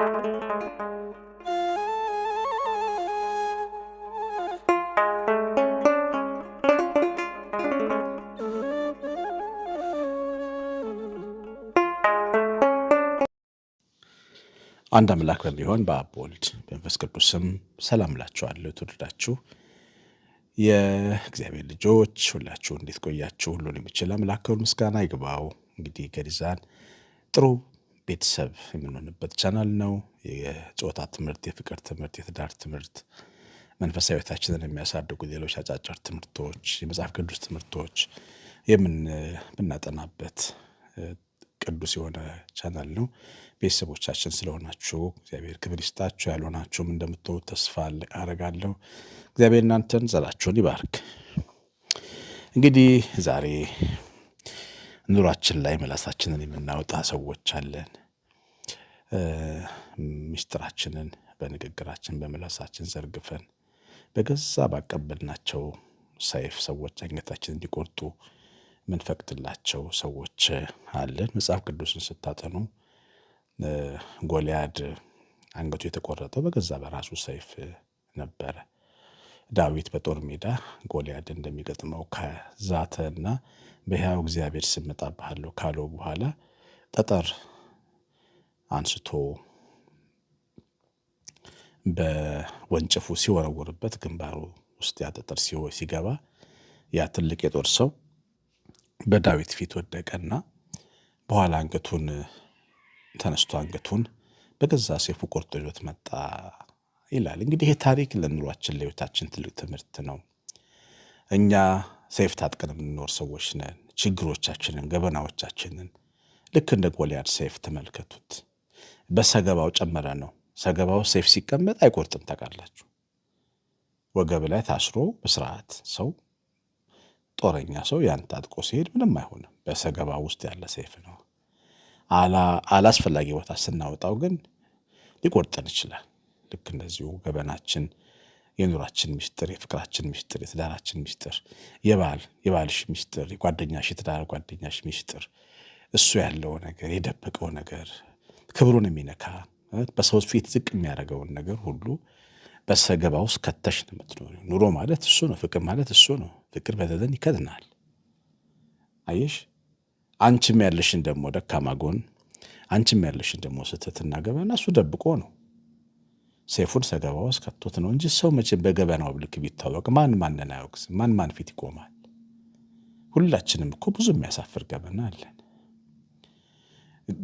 አንድ አምላክ በሚሆን በአብ በወልድ በመንፈስ ቅዱስ ስም ሰላም ላችኋለሁ። ትወደዳችሁ የእግዚአብሔር ልጆች ሁላችሁ እንዴት ቆያችሁ? ሁሉን የሚችል አምላክ ምስጋና ይግባው። እንግዲህ ገሪዛን ጥሩ ቤተሰብ የምንሆንበት ቻናል ነው። የጾታ ትምህርት፣ የፍቅር ትምህርት፣ የትዳር ትምህርት፣ መንፈሳዊ ሕይወታችንን የሚያሳድጉ ሌሎች አጫጭር ትምህርቶች፣ የመጽሐፍ ቅዱስ ትምህርቶች የምናጠናበት ቅዱስ የሆነ ቻናል ነው። ቤተሰቦቻችን ስለሆናችሁ እግዚአብሔር ክብር ይስጣችሁ። ያልሆናችሁም እንደምትወዱ ተስፋ አረጋለሁ። እግዚአብሔር እናንተን ዘራችሁን ይባርክ። እንግዲህ ዛሬ ኑሯችን ላይ ምላሳችንን የምናወጣ ሰዎች አለን። ምስጢራችንን በንግግራችን በምላሳችን ዘርግፈን በገዛ ባቀበልናቸው ሰይፍ ሰዎች አንገታችንን እንዲቆርጡ ምንፈቅድላቸው ሰዎች አለን። መጽሐፍ ቅዱስን ስታጠኑ ጎልያድ አንገቱ የተቆረጠው በገዛ በራሱ ሰይፍ ነበረ። ዳዊት በጦር ሜዳ ጎልያድ እንደሚገጥመው ከዛተና በሕያው እግዚአብሔር ባህለው ካለው በኋላ ጠጠር አንስቶ በወንጭፉ ሲወረውርበት ግንባሩ ውስጥ ያ ጠጠር ሲገባ ያ ትልቅ የጦር ሰው በዳዊት ፊት ወደቀና በኋላ አንገቱን ተነስቶ አንገቱን በገዛ ሰይፉ ቆርጦ ይዞት መጣ ይላል። እንግዲህ ይህ ታሪክ ለኑሯችን ለሕይወታችን ትልቅ ትምህርት ነው። እኛ ሰይፍ ታጥቀን የምንኖር ሰዎች ነን። ችግሮቻችንን፣ ገበናዎቻችንን ልክ እንደ ጎልያድ ሰይፍ ተመልከቱት። በሰገባው ጨመረ ነው። ሰገባው ሴፍ ሲቀመጥ አይቆርጥም ታውቃላችሁ። ወገብ ላይ ታስሮ በስርዓት ሰው ጦረኛ ሰው ያን ታጥቆ ሲሄድ ምንም አይሆንም። በሰገባ ውስጥ ያለ ሴፍ ነው። አላስፈላጊ ቦታ ስናወጣው ግን ሊቆርጠን ይችላል። ልክ እንደዚሁ ገበናችን፣ የኑራችን ሚስጥር፣ የፍቅራችን ሚስጥር፣ የትዳራችን ሚስጥር፣ የባል የባልሽ ሚስጥር፣ የጓደኛሽ የትዳር ጓደኛሽ ሚስጥር፣ እሱ ያለው ነገር የደበቀው ነገር ክብሩን የሚነካ በሰዎች ፊት ዝቅ የሚያደርገውን ነገር ሁሉ በሰገባ ውስጥ ከተሽ ነው ኑሮ ማለት እሱ ነው። ፍቅር ማለት እሱ ነው። ፍቅር በደልን ይከድናል። አየሽ፣ አንቺም ያለሽን ደግሞ ደካማ ጎን፣ አንቺም ያለሽን ደግሞ ስህተትና ገበና እሱ ደብቆ ነው ሰይፉን ሰገባ ውስጥ ከቶት ነው እንጂ ሰው መቼም በገበናው ብልክ ቢታወቅ ማን ማንን አያወቅስም? ማን ማን ፊት ይቆማል? ሁላችንም እኮ ብዙ የሚያሳፍር ገበና አለን።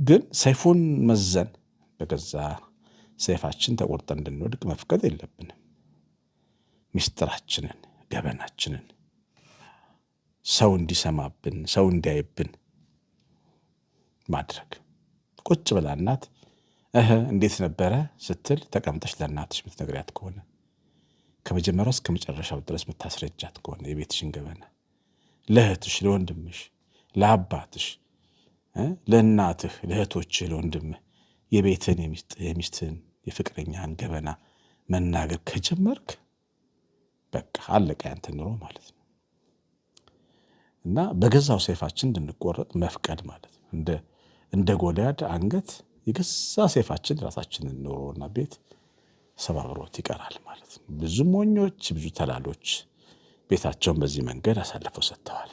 ግን ሰይፉን መዘን በገዛ ሰይፋችን ተቆርጠን እንድንወድቅ መፍቀድ የለብንም። ምስጢራችንን፣ ገበናችንን ሰው እንዲሰማብን፣ ሰው እንዲያይብን ማድረግ ቁጭ ብላ እናት እህ እንዴት ነበረ ስትል ተቀምጠሽ ለእናትሽ የምትነግሪያት ከሆነ ከመጀመሪያው እስከ መጨረሻው ድረስ የምታስረጃት ከሆነ የቤትሽን ገበና ለእህትሽ፣ ለወንድምሽ፣ ለአባትሽ ለእናትህ ለእህቶችህ፣ ለወንድምህ የቤትን የሚስትህን የፍቅረኛህን ገበና መናገር ከጀመርክ በቃ አለቀ ያንተ ኑሮ ማለት ነው። እና በገዛው ሰይፋችን እንድንቆረጥ መፍቀድ ማለት ነው። እንደ ጎልያድ አንገት የገዛ ሰይፋችን ራሳችንን ኑሮና ቤት ሰባብሮት ይቀራል ማለት ነው። ብዙ ሞኞች፣ ብዙ ተላሎች ቤታቸውን በዚህ መንገድ አሳልፈው ሰጥተዋል።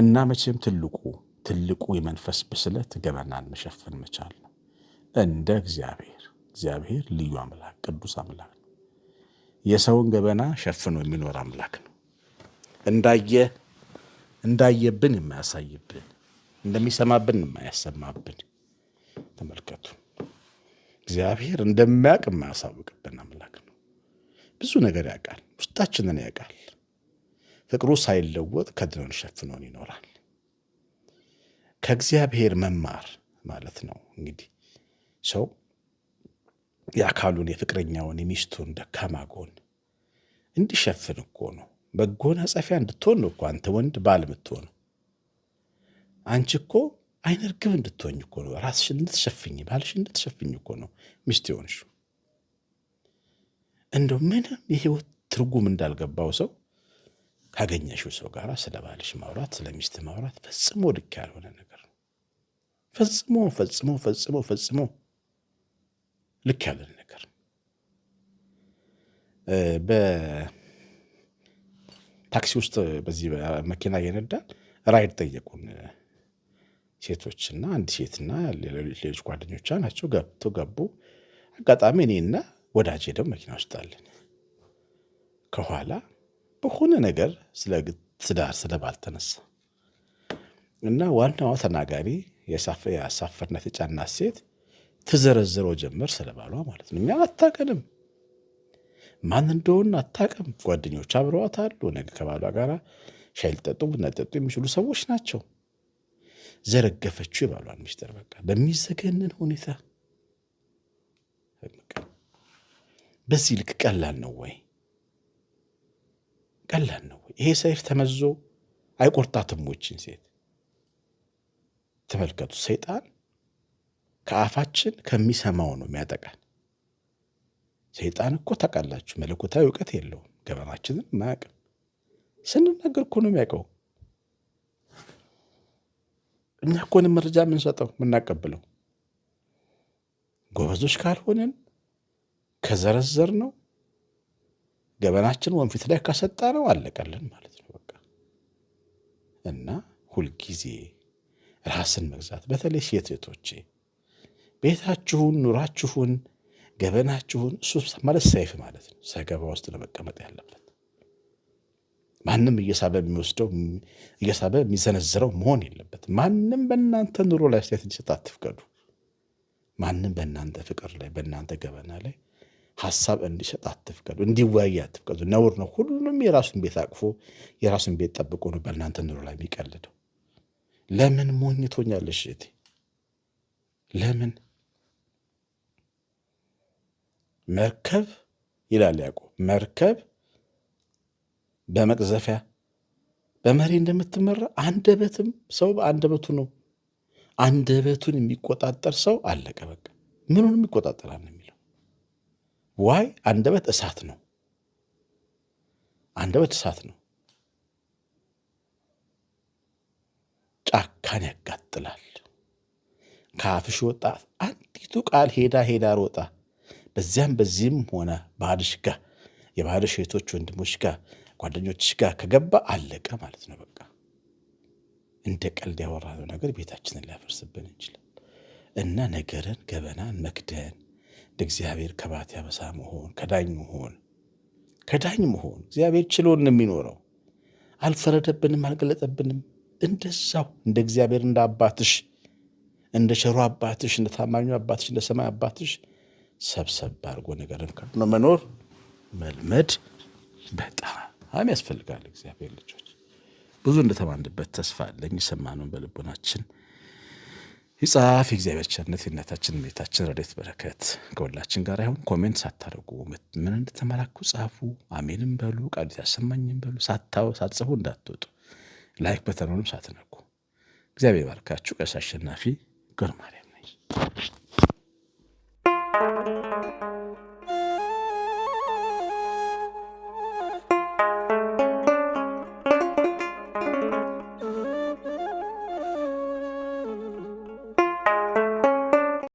እና መቼም ትልቁ ትልቁ የመንፈስ ብስለት ገበናን መሸፈን መቻል ነው። እንደ እግዚአብሔር እግዚአብሔር ልዩ አምላክ ቅዱስ አምላክ ነው። የሰውን ገበና ሸፍኖ የሚኖር አምላክ ነው። እንዳየ እንዳየብን የማያሳይብን እንደሚሰማብን የማያሰማብን ተመልከቱ። እግዚአብሔር እንደሚያውቅ የማያሳውቅብን አምላክ ነው። ብዙ ነገር ያውቃል፣ ውስጣችንን ያውቃል። ፍቅሩ ሳይለወጥ ከድኖን ሸፍኖን ይኖራል። ከእግዚአብሔር መማር ማለት ነው እንግዲህ ሰው የአካሉን የፍቅረኛውን የሚስቱን ደካማ ጎን እንዲሸፍን እኮ ነው። መጎናጸፊያ እንድትሆን እኮ አንተ ወንድ ባል የምትሆነው። አንቺ እኮ አይነ ርግብ እንድትሆኝ እኮ ነው። ራስሽ እንድትሸፍኝ ባልሽ እንድትሸፍኝ እኮ ነው ሚስት የሆንሽው። እንደው ምንም የህይወት ትርጉም እንዳልገባው ሰው ካገኘሽው ሰው ጋር ስለ ባልሽ ማውራት ስለ ሚስት ማውራት ፈጽሞ ልክ ያልሆነ ነገር ነው። ፈጽሞ ፈጽሞ ፈጽሞ ፈጽሞ ልክ ያልሆነ ነገር ነው። በታክሲ ውስጥ በዚህ መኪና እየነዳን ራይድ ጠየቁን ሴቶችና አንድ ሴትና ሌሎች ጓደኞቿ ናቸው። ገብቶ ገቡ። አጋጣሚ እኔና ወዳጄ ደግሞ መኪና ውስጥ አለን ከኋላ በሆነ ነገር ስለ ትዳር ስለ ባል ተነሳ እና ዋናዋ ተናጋሪ የአሳፈርነት የጫናት ሴት ትዘረዝሮ ጀመር ስለ ባሏ ማለት ነው። እኛ አታቀንም፣ ማን እንደሆን አታቀም። ጓደኞች አብረዋት አሉ። ነገ ከባሏ ጋር ሻይ ሊጠጡ ቡና የሚችሉ ሰዎች ናቸው። ዘረገፈችው የባሏን ሚስጥር በቃ በሚዘገንን ሁኔታ። በዚህ ልክ ቀላል ነው ወይ? ቀላል ነው። ይሄ ሰይፍ ተመዞ አይቆርጣትም ሞችን ሴት ተመልከቱ። ሰይጣን ከአፋችን ከሚሰማው ነው የሚያጠቃን። ሰይጣን እኮ ታውቃላችሁ፣ መለኮታዊ እውቀት የለውም። ገበናችንን ማያውቅም። ስንናገር እኮ ነው የሚያውቀው። እኛ እኮን መረጃ የምንሰጠው የምናቀብለው። ጎበዞች ካልሆንን ከዘረዘር ነው ገበናችን ወንፊት ላይ ካሰጣ ነው አለቀልን ማለት ነው በቃ። እና ሁልጊዜ ራስን መግዛት በተለይ ሴት ሴቶቼ ቤታችሁን፣ ኑራችሁን፣ ገበናችሁን እሱ ማለት ሰይፍ ማለት ነው። ሰገባ ውስጥ ነው መቀመጥ ያለበት። ማንም እየሳበ የሚወስደው እየሳበ የሚዘነዝረው መሆን የለበት። ማንም በእናንተ ኑሮ ላይ አስተያየት እንዲሰጥ አትፍቀዱ። ማንም በእናንተ ፍቅር ላይ በእናንተ ገበና ላይ ሀሳብ እንዲሰጥ አትፍቀዱ፣ እንዲወያይ አትፍቀዱ። ነውር ነው። ሁሉም የራሱን ቤት አቅፎ የራሱን ቤት ጠብቆ ነው በእናንተ ኑሮ ላይ የሚቀልደው። ለምን ሞኝቶኛለሽ እህቴ? ለምን መርከብ ይላል ያዕቆብ፣ መርከብ በመቅዘፊያ በመሪ እንደምትመራ አንደበትም ሰው በአንደበቱ ነው። አንደበቱን የሚቆጣጠር ሰው አለቀ። በቃ ምኑን የሚቆጣጠር ዋይ አንደበት እሳት ነው። አንደበት እሳት ነው። ጫካን ያጋጥላል። ከአፍሽ ወጣ አንዲቱ ቃል ሄዳ ሄዳ ሮጣ በዚያም በዚህም ሆነ ባልሽ ጋር የባልሽ እህቶች ወንድሞች ጋር ጓደኞች ጋር ከገባ አለቀ ማለት ነው። በቃ እንደ ቀልድ ያወራነው ነገር ቤታችንን ሊያፈርስብን እንችላል እና ነገርን ገበናን መክደን ለእግዚአብሔር ከባት ያበሳ መሆን ከዳኝ መሆን ከዳኝ መሆን እግዚአብሔር ችሎን የሚኖረው አልፈረደብንም፣ አልገለጠብንም። እንደዛው እንደ እግዚአብሔር እንደ አባትሽ እንደ ቸሩ አባትሽ እንደ ታማኙ አባትሽ እንደ ሰማይ አባትሽ ሰብሰብ አድርጎ ነገርን ከድኖ መኖር መልመድ በጣም ያስፈልጋል። እግዚአብሔር ልጆች ብዙ እንደተማንበት ተስፋ አለኝ። የሰማነውን በልቦናችን ይጻፍ። የእግዚአብሔር ቸርነት የእናታችን ሜታችን ረድኤት በረከት ከሁላችን ጋር ይሁን። ኮሜንት ሳታደርጉ ምን እንደተመላኩ ጻፉ። አሜንም በሉ፣ ቃሉ ያሰማኝም በሉ። ሳታው ሳትጽፉ እንዳትወጡ፣ ላይክ በተኑንም ሳትነኩ። እግዚአብሔር ባርካችሁ። ቀሲስ አሸናፊ ገብረ ማርያም ነኝ።